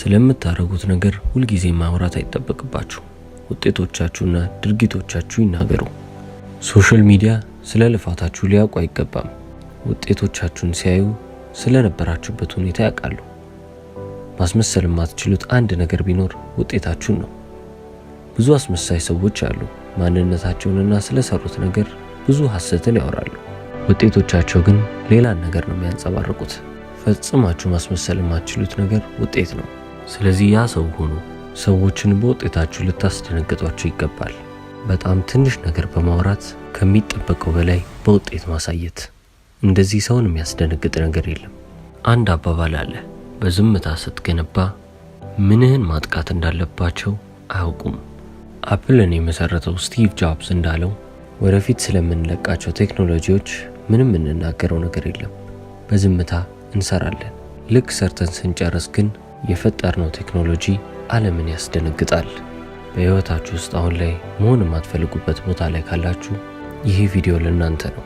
ስለምታደርጉት ነገር ሁልጊዜ ማውራት አይጠበቅባችሁ። ውጤቶቻችሁና ድርጊቶቻችሁ ይናገሩ። ሶሻል ሚዲያ ስለ ልፋታችሁ ሊያውቁ አይገባም። ውጤቶቻችሁን ሲያዩ ስለነበራችሁበት ሁኔታ ያውቃሉ። ማስመሰል የማትችሉት አንድ ነገር ቢኖር ውጤታችሁን ነው። ብዙ አስመሳይ ሰዎች አሉ። ማንነታቸውንና ስለሰሩት ነገር ብዙ ሐሰትን ያወራሉ። ውጤቶቻቸው ግን ሌላን ነገር ነው የሚያንጸባርቁት። ፈጽማችሁ ማስመሰል የማትችሉት ነገር ውጤት ነው። ስለዚህ ያ ሰው ሆኑ። ሰዎችን በውጤታችሁ ልታስደነግጧቸው ይገባል። በጣም ትንሽ ነገር በማውራት ከሚጠበቀው በላይ በውጤት ማሳየት። እንደዚህ ሰውን የሚያስደነግጥ ነገር የለም። አንድ አባባል አለ፣ በዝምታ ስትገነባ ምንህን ማጥቃት እንዳለባቸው አያውቁም። አፕልን የመሰረተው ስቲቭ ጆብስ እንዳለው ወደፊት ስለምንለቃቸው ቴክኖሎጂዎች ምንም የምንናገረው ነገር የለም፣ በዝምታ እንሰራለን። ልክ ሰርተን ስንጨርስ ግን የፈጠርነው ቴክኖሎጂ ዓለምን ያስደነግጣል። በሕይወታችሁ ውስጥ አሁን ላይ መሆን የማትፈልጉበት ቦታ ላይ ካላችሁ ይህ ቪዲዮ ለእናንተ ነው።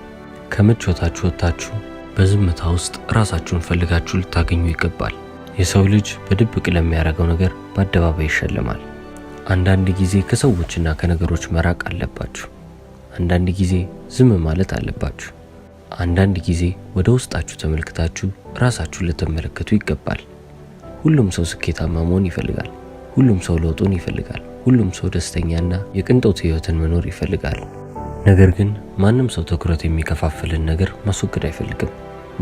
ከምቾታችሁ ወጥታችሁ በዝምታ ውስጥ ራሳችሁን ፈልጋችሁ ልታገኙ ይገባል። የሰው ልጅ በድብቅ ለሚያደርገው ነገር በአደባባይ ይሸልማል። አንዳንድ ጊዜ ከሰዎችና ከነገሮች መራቅ አለባችሁ። አንዳንድ ጊዜ ዝም ማለት አለባችሁ። አንዳንድ ጊዜ ወደ ውስጣችሁ ተመልክታችሁ ራሳችሁን ልትመለከቱ ይገባል። ሁሉም ሰው ስኬታማ መሆን ይፈልጋል። ሁሉም ሰው ለውጡን ይፈልጋል። ሁሉም ሰው ደስተኛና የቅንጦት ህይወትን መኖር ይፈልጋል። ነገር ግን ማንም ሰው ትኩረት የሚከፋፍልን ነገር ማስወገድ አይፈልግም።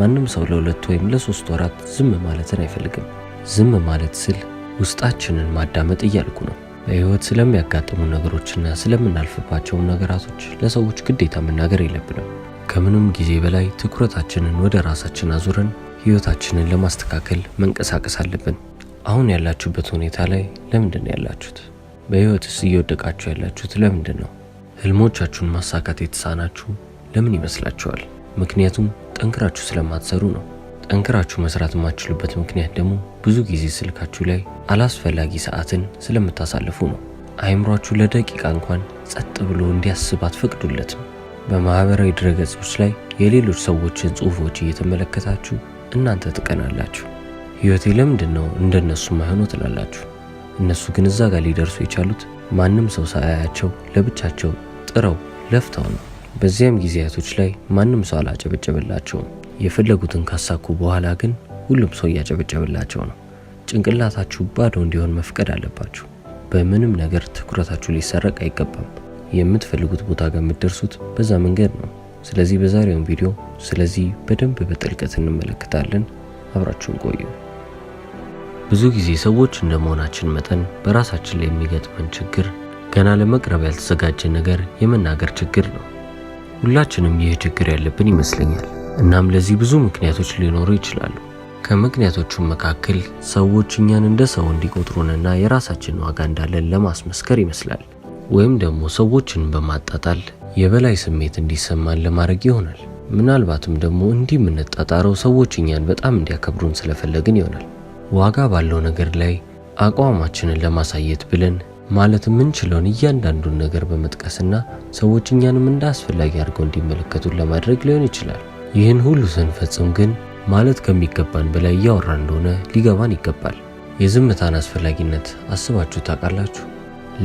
ማንም ሰው ለሁለት ወይም ለሶስት ወራት ዝም ማለትን አይፈልግም። ዝም ማለት ስል ውስጣችንን ማዳመጥ እያልኩ ነው። በህይወት ስለሚያጋጥሙ ነገሮችና ስለምናልፍባቸው ነገራቶች ለሰዎች ግዴታ መናገር የለብንም። ከምንም ጊዜ በላይ ትኩረታችንን ወደ ራሳችን አዙረን ህይወታችንን ለማስተካከል መንቀሳቀስ አለብን። አሁን ያላችሁበት ሁኔታ ላይ ለምንድን ነው ያላችሁት? በህይወትስ እየወደቃችሁ ያላችሁት ለምንድን ነው? ህልሞቻችሁን ማሳካት የተሳናችሁ ለምን ይመስላችኋል? ምክንያቱም ጠንክራችሁ ስለማትሰሩ ነው። ጠንክራችሁ መስራት የማትችሉበት ምክንያት ደግሞ ብዙ ጊዜ ስልካችሁ ላይ አላስፈላጊ ሰዓትን ስለምታሳልፉ ነው። አይምሯችሁ ለደቂቃ እንኳን ጸጥ ብሎ እንዲያስብ አትፈቅዱለትም። በማህበራዊ ድረገጾች ላይ የሌሎች ሰዎችን ጽሁፎች እየተመለከታችሁ እናንተ ትቀናላችሁ። ህይወቴ ለምንድን ነው እንደነሱ ማይሆነው ትላላችሁ። እነሱ ግን እዛ ጋር ሊደርሱ የቻሉት ማንም ሰው ሳያያቸው ለብቻቸው ጥረው ለፍተው ነው። በዚያም ጊዜያቶች ላይ ማንም ሰው አላጨበጨበላቸውም። የፈለጉትን ካሳኩ በኋላ ግን ሁሉም ሰው እያጨበጨበላቸው ነው። ጭንቅላታችሁ ባዶ እንዲሆን መፍቀድ አለባችሁ። በምንም ነገር ትኩረታችሁ ሊሰረቅ አይገባም። የምትፈልጉት ቦታ ጋር የምትደርሱት በዛ መንገድ ነው። ስለዚህ በዛሬውን ቪዲዮ ስለዚህ በደንብ በጥልቀት እንመለከታለን። አብራችሁን ቆዩ። ብዙ ጊዜ ሰዎች እንደመሆናችን መጠን በራሳችን ላይ የሚገጥመን ችግር ገና ለመቅረብ ያልተዘጋጀን ነገር የመናገር ችግር ነው። ሁላችንም ይህ ችግር ያለብን ይመስለኛል። እናም ለዚህ ብዙ ምክንያቶች ሊኖሩ ይችላሉ። ከምክንያቶቹም መካከል ሰዎች እኛን እንደ ሰው እንዲቆጥሩንና የራሳችንን ዋጋ እንዳለን ለማስመስከር ይመስላል፣ ወይም ደግሞ ሰዎችን በማጣጣል የበላይ ስሜት እንዲሰማን ለማድረግ ይሆናል። ምናልባትም ደግሞ እንዲህ የምንጣጣረው ሰዎች እኛን በጣም እንዲያከብሩን ስለፈለግን ይሆናል። ዋጋ ባለው ነገር ላይ አቋማችንን ለማሳየት ብለን ማለት የምንችለውን እያንዳንዱን ነገር በመጥቀስና ሰዎች እኛንም እንደ አስፈላጊ አድርገው እንዲመለከቱን ለማድረግ ሊሆን ይችላል። ይህን ሁሉ ስንፈጽም ግን ማለት ከሚገባን በላይ እያወራ እንደሆነ ሊገባን ይገባል። የዝምታን አስፈላጊነት አስባችሁ ታውቃላችሁ?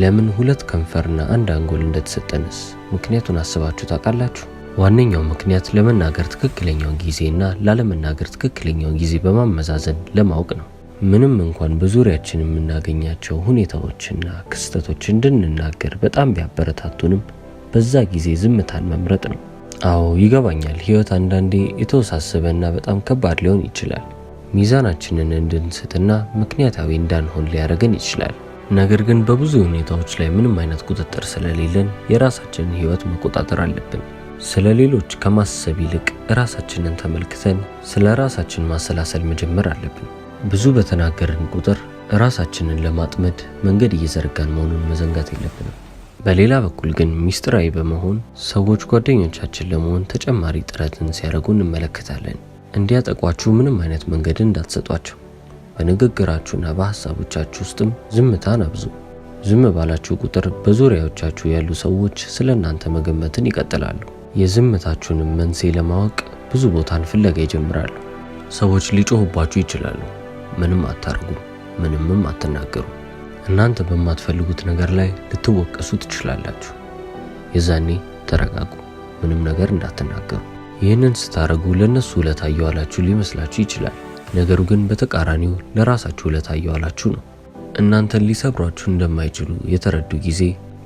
ለምን ሁለት ከንፈርና አንድ አንጎል እንደተሰጠንስ ምክንያቱን አስባችሁ ታውቃላችሁ? ዋነኛው ምክንያት ለመናገር ትክክለኛውን ጊዜና ላለመናገር ትክክለኛውን ጊዜ በማመዛዘን ለማወቅ ነው። ምንም እንኳን በዙሪያችን የምናገኛቸው ሁኔታዎችና ክስተቶች እንድንናገር በጣም ቢያበረታቱንም በዛ ጊዜ ዝምታን መምረጥ ነው። አዎ ይገባኛል፣ ህይወት አንዳንዴ የተወሳሰበና በጣም ከባድ ሊሆን ይችላል። ሚዛናችንን እንድንስትና ምክንያታዊ እንዳንሆን ሊያደርገን ይችላል። ነገር ግን በብዙ ሁኔታዎች ላይ ምንም አይነት ቁጥጥር ስለሌለን የራሳችንን ህይወት መቆጣጠር አለብን። ስለ ሌሎች ከማሰብ ይልቅ ራሳችንን ተመልክተን ስለ ራሳችን ማሰላሰል መጀመር አለብን። ብዙ በተናገርን ቁጥር ራሳችንን ለማጥመድ መንገድ እየዘረጋን መሆኑን መዘንጋት የለብንም። በሌላ በኩል ግን ሚስጥራዊ በመሆን ሰዎች ጓደኞቻችን ለመሆን ተጨማሪ ጥረትን ሲያደርጉ እንመለከታለን። እንዲያጠቋችሁ ምንም አይነት መንገድ እንዳትሰጧቸው። በንግግራችሁና በሐሳቦቻችሁ ውስጥም ዝምታን አብዙ። ዝም ባላችሁ ቁጥር በዙሪያዎቻችሁ ያሉ ሰዎች ስለ እናንተ መገመትን ይቀጥላሉ። የዝምታችሁንም መንስኤ ለማወቅ ብዙ ቦታን ፍለጋ ይጀምራሉ። ሰዎች ሊጮሁባችሁ ይችላሉ። ምንም አታርጉ፣ ምንምም አትናገሩ። እናንተ በማትፈልጉት ነገር ላይ ልትወቀሱ ትችላላችሁ። የዛኔ ተረጋጉ፣ ምንም ነገር እንዳትናገሩ። ይህንን ስታደርጉ ለእነሱ ውለታ የዋላችሁ ሊመስላችሁ ይችላል። ነገሩ ግን በተቃራኒው ለራሳችሁ ለታየዋላችሁ ነው። እናንተን ሊሰብሯችሁ እንደማይችሉ የተረዱ ጊዜ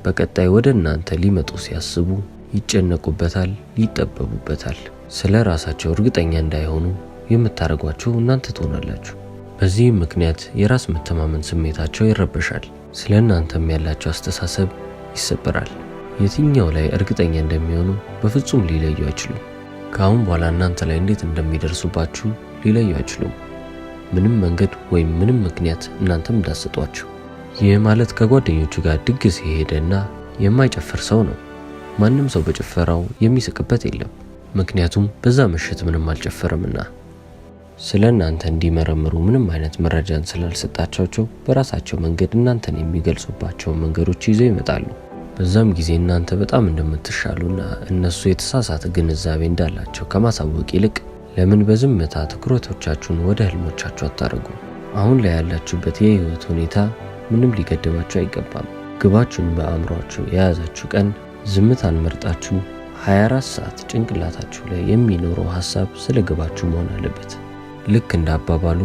በቀጣይ ወደ እናንተ ሊመጡ ሲያስቡ ይጨነቁበታል፣ ይጠበቡበታል። ስለ ራሳቸው እርግጠኛ እንዳይሆኑ የምታደርጓቸው እናንተ ትሆናላችሁ። በዚህም ምክንያት የራስ መተማመን ስሜታቸው ይረበሻል። ስለ እናንተም ያላቸው አስተሳሰብ ይሰበራል። የትኛው ላይ እርግጠኛ እንደሚሆኑ በፍጹም ሊለዩ አይችሉም። ከአሁን በኋላ እናንተ ላይ እንዴት እንደሚደርሱባችሁ ሊለዩ አይችሉም። ምንም መንገድ ወይም ምንም ምክንያት እናንተም እንዳሰጧችሁ። ይህ ማለት ከጓደኞቹ ጋር ድግስ የሄደና የማይጨፍር ሰው ነው። ማንም ሰው በጭፈራው የሚስቅበት የለም፣ ምክንያቱም በዛ ምሽት ምንም አልጨፈረምና። ስለ እናንተ እንዲመረምሩ ምንም አይነት መረጃን ስላልሰጣቸው በራሳቸው መንገድ እናንተን የሚገልጹባቸውን መንገዶች ይዘው ይመጣሉ። በዛም ጊዜ እናንተ በጣም እንደምትሻሉና እነሱ የተሳሳተ ግንዛቤ እንዳላቸው ከማሳወቅ ይልቅ ለምን በዝምታ ትኩረቶቻችሁን ወደ ህልሞቻችሁ አታደርጉ? አሁን ላይ ያላችሁበት የህይወት ሁኔታ ምንም ሊገድባችሁ አይገባም። ግባችሁን በአእምሯችሁ የያዛችሁ ቀን ዝምታን መርጣችሁ 24 ሰዓት ጭንቅላታችሁ ላይ የሚኖረው ሀሳብ ስለ ግባችሁ መሆን አለበት። ልክ እንደ አባባሉ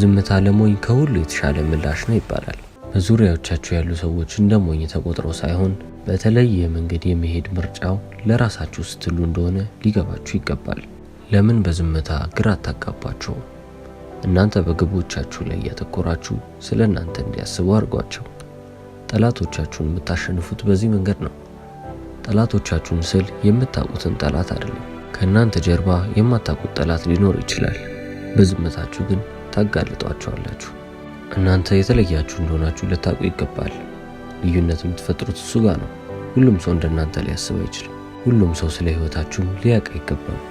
ዝምታ ለሞኝ ከሁሉ የተሻለ ምላሽ ነው ይባላል። በዙሪያዎቻችሁ ያሉ ሰዎች እንደ ሞኝ ተቆጥረው ሳይሆን በተለየ መንገድ የመሄድ ምርጫው ለራሳችሁ ስትሉ እንደሆነ ሊገባችሁ ይገባል። ለምን በዝምታ ግራ አታጋባቸው? እናንተ በግቦቻችሁ ላይ እያተኮራችሁ ስለ እናንተ እንዲያስቡ አድርጓቸው። ጠላቶቻችሁን የምታሸንፉት በዚህ መንገድ ነው። ጠላቶቻችሁን ስል የምታውቁትን ጠላት አይደለም። ከእናንተ ጀርባ የማታውቁት ጠላት ሊኖር ይችላል። በዝምታችሁ ግን ታጋልጧቸዋላችሁ። እናንተ የተለያችሁ እንደሆናችሁ ልታውቁ ይገባል። ልዩነት የምትፈጥሩት እሱ ጋር ነው። ሁሉም ሰው እንደናንተ ሊያስብ አይችልም። ሁሉም ሰው ስለ ሕይወታችሁም ሊያውቅ አይገባም።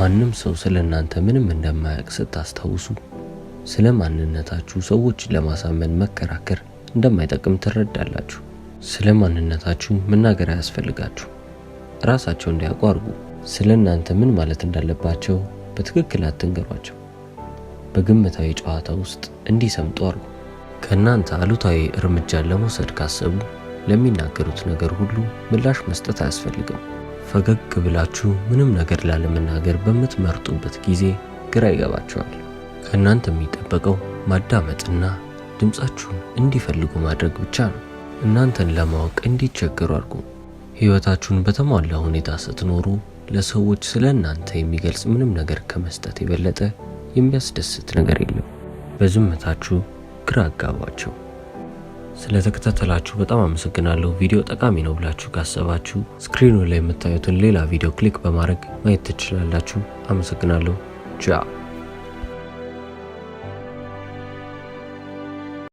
ማንም ሰው ስለ እናንተ ምንም እንደማያውቅ ስታስታውሱ ስለ ማንነታችሁ ሰዎችን ለማሳመን መከራከር እንደማይጠቅም ትረዳላችሁ። ስለ ማንነታችሁ መናገር አያስፈልጋችሁ። ራሳቸው እንዲያውቁ አድርጉ። ስለ እናንተ ምን ማለት እንዳለባቸው በትክክል አትንገሯቸው። በግምታዊ ጨዋታ ውስጥ እንዲሰምጡ አድርጉ። ከእናንተ አሉታዊ እርምጃን ለመውሰድ ካሰቡ ለሚናገሩት ነገር ሁሉ ምላሽ መስጠት አያስፈልግም። ፈገግ ብላችሁ ምንም ነገር ላለመናገር በምትመርጡበት ጊዜ ግራ ይገባችኋል። ከእናንተ የሚጠበቀው ማዳመጥና ድምፃችሁን እንዲፈልጉ ማድረግ ብቻ ነው። እናንተን ለማወቅ እንዲቸገሩ አድርጉ። ሕይወታችሁን በተሟላ ሁኔታ ስትኖሩ ለሰዎች ስለ እናንተ የሚገልጽ ምንም ነገር ከመስጠት የበለጠ የሚያስደስት ነገር የለም። በዝምታችሁ ግራ አጋቧቸው። ስለተከታተላችሁ በጣም አመሰግናለሁ። ቪዲዮ ጠቃሚ ነው ብላችሁ ካሰባችሁ ስክሪኑ ላይ የምታዩትን ሌላ ቪዲዮ ክሊክ በማድረግ ማየት ትችላላችሁ። አመሰግናለሁ። ቻው